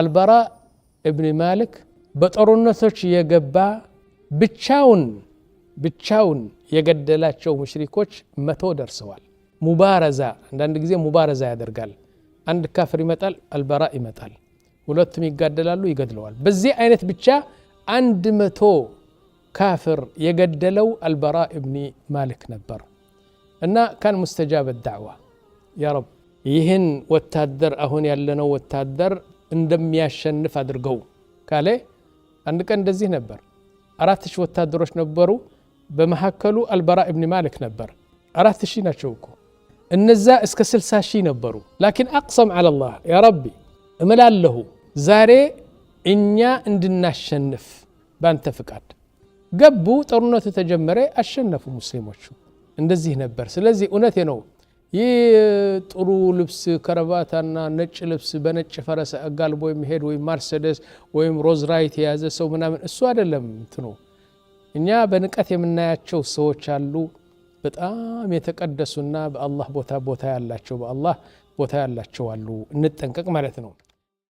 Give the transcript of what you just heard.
አልበራ እብን ማልክ በጦርነቶች የገባ ብቻውን ብቻውን የገደላቸው ሙሽሪኮች መቶ ደርሰዋል። ሙባረዛ አንዳንድ ጊዜ ሙባረዛ ያደርጋል። አንድ ካፍር ይመጣል፣ አልበራ ይመጣል። ሁለቱም ይጋደላሉ፣ ይገድለዋል። በዚህ አይነት ብቻ አንድ መቶ ካፍር የገደለው አልበራ እብኒ ማልክ ነበር እና ካን ሙስተጃበ ዳዕዋ ያ ረብ ይህን ወታደር አሁን ያለነው ወታደር እንደሚያሸንፍ አድርገው ካለ አንድ ቀን እንደዚህ ነበር። አራት ሺህ ወታደሮች ነበሩ። በመካከሉ አልበራ እብን ማሊክ ነበር። አራት ሺህ ናቸው እኮ እነዛ እስከ ስልሳ ሺህ ነበሩ። ላኪን አቅሰም አለላህ ያ ረቢ እምላለሁ ዛሬ እኛ እንድናሸንፍ ባንተ ፍቃድ ገቡ። ጦርነቱ ተጀመረ፣ አሸነፉ ሙስሊሞቹ። እንደዚህ ነበር። ስለዚህ እውነቴ ነው። ይህ ጥሩ ልብስ ከረባታና ነጭ ልብስ በነጭ ፈረስ አጋልቦ የሚሄድ ወይም ማርሴደስ ወይም ሮዝራይት የያዘ ሰው ምናምን እሱ አይደለም እንትኑ። እኛ በንቀት የምናያቸው ሰዎች አሉ። በጣም የተቀደሱና በአላህ ቦታ ቦታ ያላቸው በአላህ ቦታ ያላቸው አሉ። እንጠንቀቅ ማለት ነው።